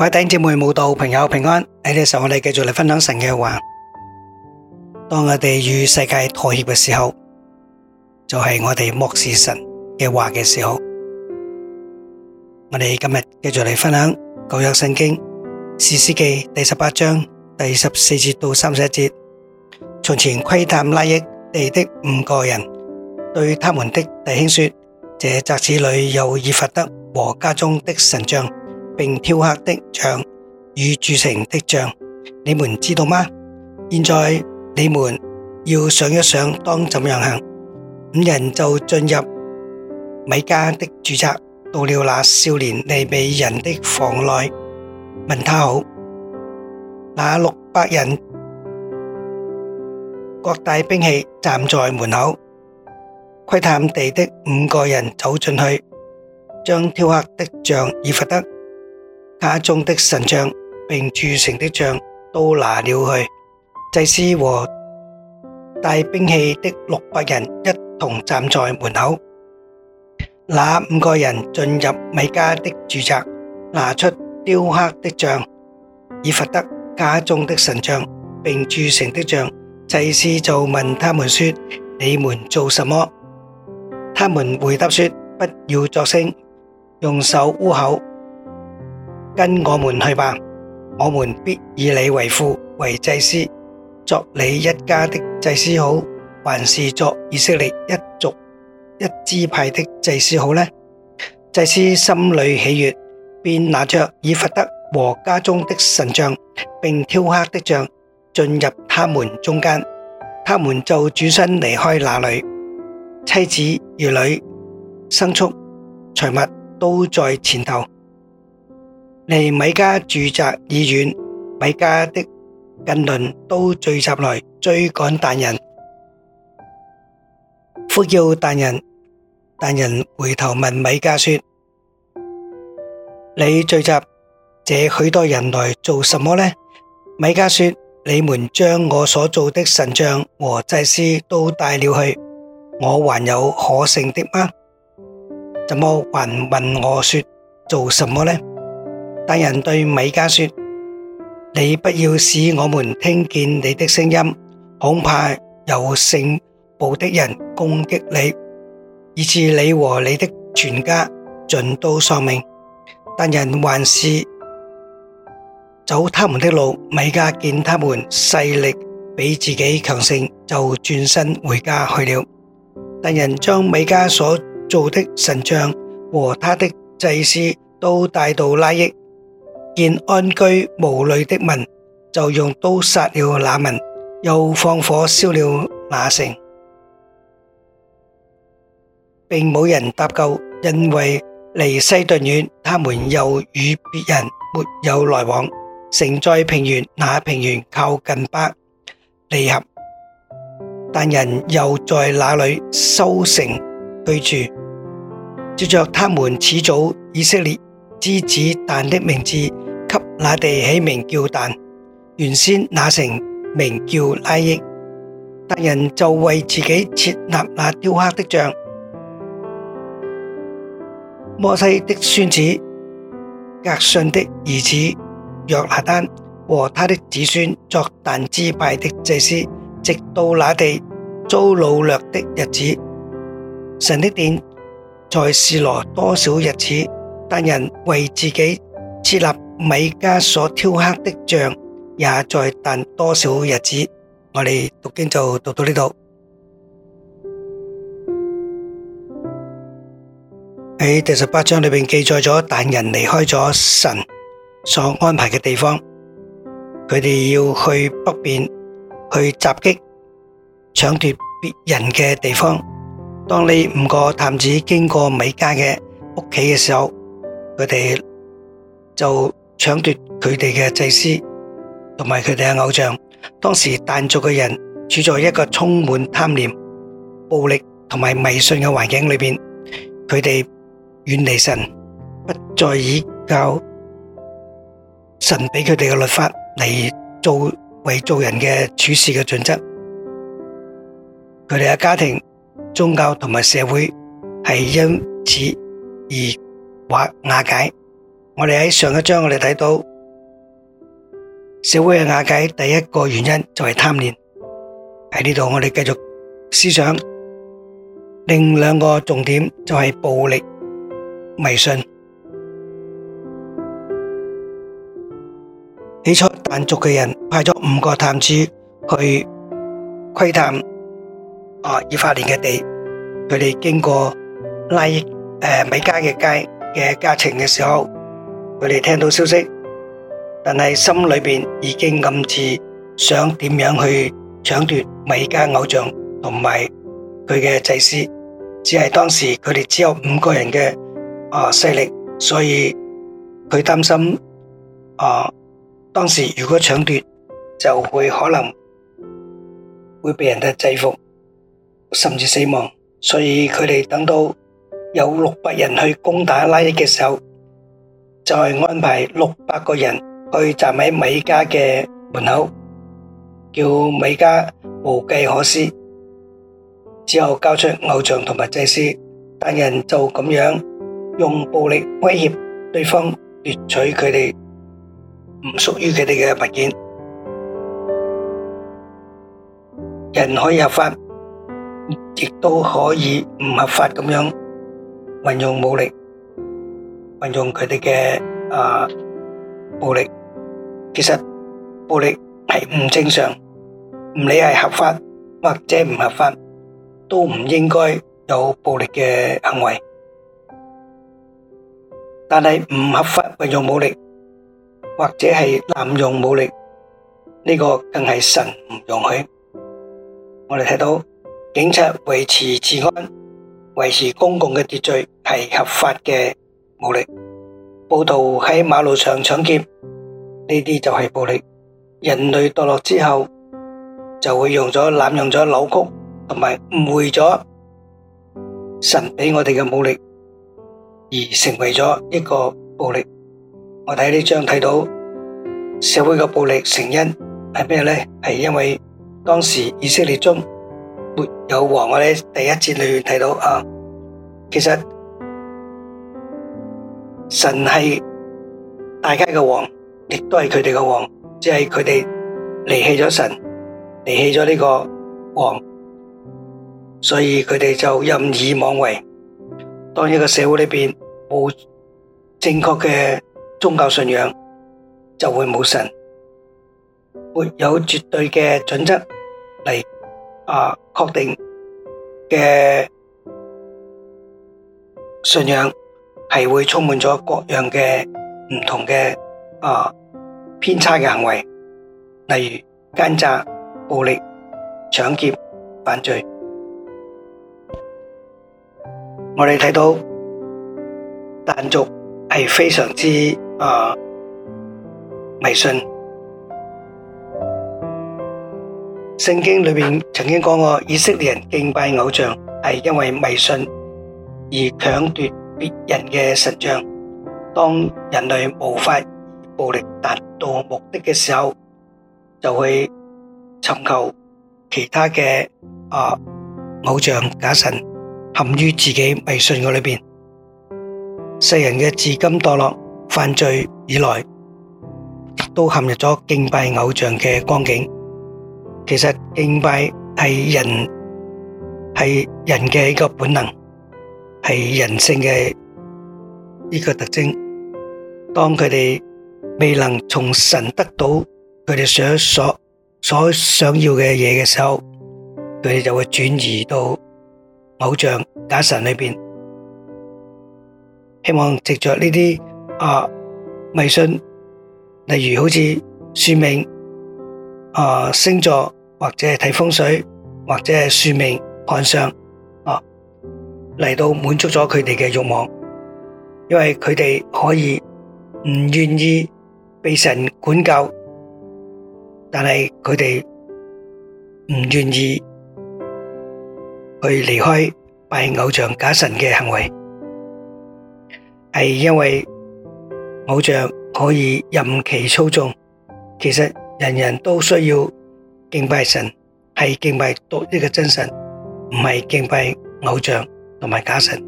各位弟兄姊妹，午好，朋友平安。喺呢個時候，我哋繼續嚟分享神嘅話。當我們與世界妥協的時候，就是我們漠視神的話的時候。我們今天繼續嚟分享舊約聖經士師記第十八章第十四節到三十一節。從前窺探拉億地的五個人，對他們的弟兄說：這宅子裏有以弗得和家中的神像。並跳客的像與鑄成的像家中的神像並鑄成的像都拿了去，祭司和帶兵器的六百人一同站在門口。那五個人進入米迦的住宅，拿出雕刻的像、以弗得、家中的神像並鑄成的像。祭司就問他們說：你們做什麼？他們回答說：不要作聲，用手捂口。跟我們去吧，我們必以你為父為祭司，作你一家的祭司好，還是作以色列一族一支派的祭司好呢？祭司心裏喜悅，便拿着以弗得和家中的神像，並雕刻的像，進入他們中間。他們就轉身離開那裏，妻子、兒女、牲畜、財物都在前頭。離米迦住宅已遠，米迦的近鄰都聚集來，追趕但人。呼叫但人，但人回頭問米迦說，你聚集，這許多人來做什麼呢？米迦說，你們將我所做的神像和祭司都帶了去，我還有可剩的嗎？怎麼還問我說，做什麼呢？但人對米迦說：你不要使我們聽見你的聲音，恐怕有性暴的人攻擊你，以致你和你的全家盡都喪命。但人還是走他們的路。米迦見他們勢力比自己強盛，就轉身回家去了。但人將米迦所做的神像和他的祭司都帶到拉益。見安居無慮的民，就用刀殺了那民，又放火燒了那城。給那地起名叫但，原先那城名叫拉益。但人就為自己設立那雕刻的像。摩西的孫子、革順的兒子約拿單和他的子孫作但支派的祭司，直到那地遭擄掠的日子。神的殿在示羅多少日子，但人為自己設立。米迦所雕刻的像，也在但多少日子？我哋讀經就讀到呢度。喺第十八章裏邊記載咗，但人離開咗神所安排嘅地方，佢哋要去北邊去襲擊、搶奪別人嘅地方。當呢五個探子經過米迦嘅屋企嘅時候，佢哋就。搶奪佢哋嘅祭司同埋佢哋嘅偶像，當時但族嘅人處在一個充滿貪念、暴力同埋迷信嘅環境裏面，佢哋遠離神，不再倚靠神俾佢哋嘅律法嚟做為做人嘅處事嘅準則，佢哋嘅家庭、宗教同埋社會係因此而瓦解。我哋喺上一章，我哋睇到社會嘅瓦解，第一個原因就係貪念。喺呢度，我哋繼續思想，另兩個重點就係暴力、迷信。起初，但族嘅人派咗五個探子去窺探啊，以法蓮嘅地。佢哋經過拉益誒米迦嘅街嘅家庭嘅時候。佢哋聽到消息，但係心裏邊已經暗自想點樣去搶奪米迦偶像同埋佢嘅祭司，只係當時佢哋只有五個人嘅啊勢力，所以佢擔心啊，當時如果搶奪就會可能會被人哋制服甚至死亡，所以佢哋等到有六百人去攻打拉伊嘅時候。就係安排六百個人去站喺米迦嘅門口，叫米迦無計可施，之後交出偶像同埋祭司，但人就咁樣用暴力威脅對方，奪取佢哋唔屬於佢哋嘅物件。人可以合法，亦都可以唔合法咁樣運用武力。運用佢哋嘅啊暴力，其實暴力係唔正常，唔理係合法或者唔合法，都唔應該有暴力嘅行為。但係唔合法運用武力，或者係濫用武力，呢個更係神唔容許。我哋睇到警察維持治安、維持公共嘅秩序係合法嘅。暴力，暴徒喺馬路上搶劫，呢啲就係暴力。人類墮落之後，就會用咗濫用咗扭曲，同埋誤會咗神俾我哋嘅武力，而成為咗一個暴力。我睇呢章睇到社會嘅暴力成因係咩呢？係因為當時以色列中沒有王嘅。第一節裏面睇到啊，其實。神係大家嘅王，亦都係佢哋嘅王，只係佢哋離棄咗神，離棄咗呢個王，所以佢哋就任意妄為。當一個社會裏面冇正確嘅宗教信仰，就會冇神，沒有絕對嘅準則嚟啊確定嘅信仰。係會充滿咗各樣嘅唔同嘅啊偏差嘅行為，例如奸詐、暴力、搶劫、犯罪。我哋睇到但族係非常之啊迷信。聖經裏面曾經講過，以色列人敬拜偶像係因為迷信而搶奪。別人嘅神像，當人類無法以暴力達到目的嘅時候，就會尋求其他嘅啊偶像假神，陷於自己迷信嘅裏邊。世人嘅自甘墮落、犯罪以來，都陷入咗敬拜偶像嘅光景。其實敬拜係人係人嘅一個本能。係人性嘅一個特徵，當佢哋未能從神得到佢哋想所所想要嘅嘢嘅時候，佢哋就會轉移到偶像、假神裏面，希望藉着呢啲啊迷信，例如好似算命、啊星座或者係睇風水或者係算命看相。嚟到滿足咗佢哋嘅欲望，因為佢哋可以唔願意被神管教，但係佢哋唔願意去離開拜偶像假神嘅行為，係因為偶像可以任其操縱。其實人人都需要敬拜神，係敬拜獨一嘅真神，唔係敬拜偶像。同埋假神，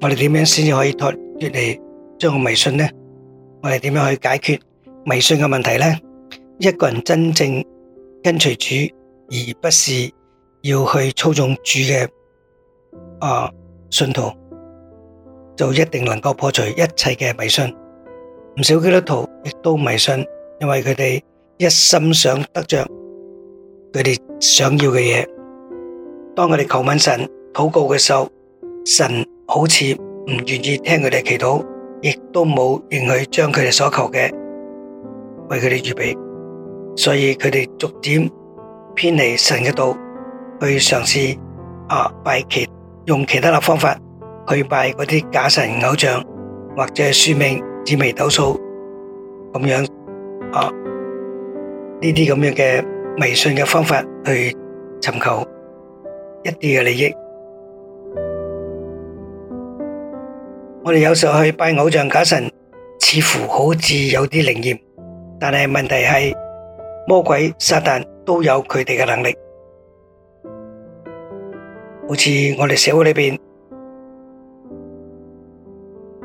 我哋點樣先至可以脫離將個迷信呢？我哋點樣去解決迷信嘅問題呢？一個人真正跟隨主，而不是要去操縱主嘅啊信徒，就一定能夠破除一切嘅迷信。唔少基督徒亦都迷信，因為佢哋一心想得着佢哋。想要嘅嘢，當佢哋求問神、禱告嘅時候，神好似唔願意聽佢哋祈禱，亦都冇願意將佢哋所求嘅為佢哋預備，所以佢哋逐漸偏離神嘅道，去嘗試啊拜其用其他嘅方法去拜嗰啲假神偶像，或者算命、紫微斗數咁樣啊呢啲咁樣嘅。迷信嘅方法去尋求一啲嘅利益，我哋有時候去拜偶像假神，似乎好似有啲靈驗，但係問題係魔鬼撒旦都有佢哋嘅能力，好似我哋社會裏邊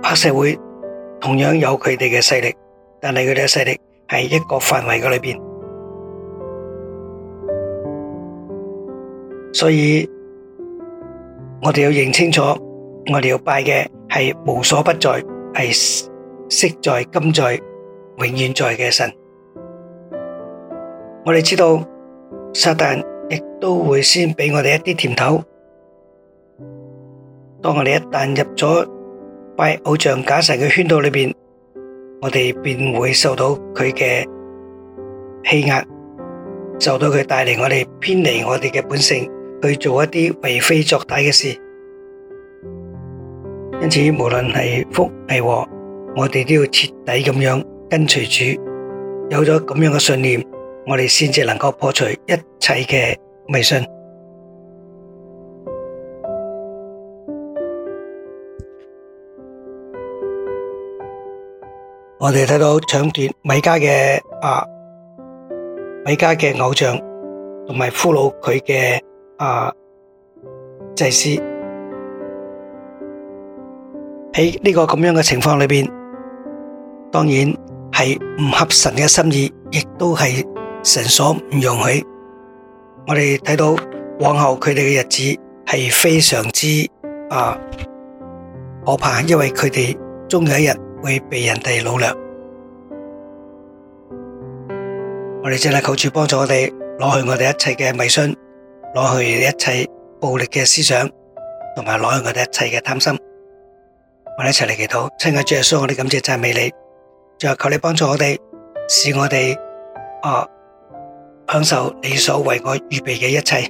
黑社會同樣有佢哋嘅勢力，但係佢哋嘅勢力係一個範圍嘅裏邊。所以，我哋要認清楚，去做一啲為非作歹嘅事，因此無論係福係禍，我哋都要徹底咁樣跟隨主。有咗咁樣嘅信念，我哋先至能夠破除一切嘅迷信。我哋睇到搶奪米迦嘅，啊，米迦嘅偶像同埋俘虜佢嘅。啊！祭司喺呢個咁樣嘅情況裏面當然係唔合神嘅心意，亦都係神所唔容許。我哋睇到往後佢哋嘅日子係非常之啊可怕，因為佢哋終有一日會被人哋擄掠。我哋真係靠住幫助我哋攞去我哋一切嘅迷信。攞去一切暴力嘅思想，同埋攞去我哋一切嘅貪心，我哋一齊嚟祈禱。親愛主耶穌，我哋感謝讚美你，仲有求你幫助我哋，使我哋啊享受你所為我預備嘅一切，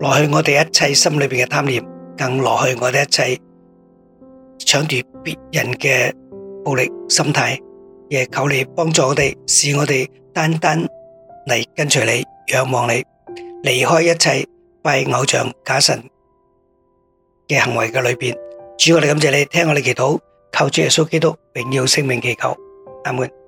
攞去我哋一切心裏邊嘅貪念，更攞去我哋一切搶住別人嘅暴力心態，亦求你幫助我哋，使我哋單單嚟跟隨你、仰望你、離開一切。拜偶像假神嘅行為嘅裏面。主，我哋感謝你，聽我哋祈禱，求主耶穌基督，並要生命祈求。阿門。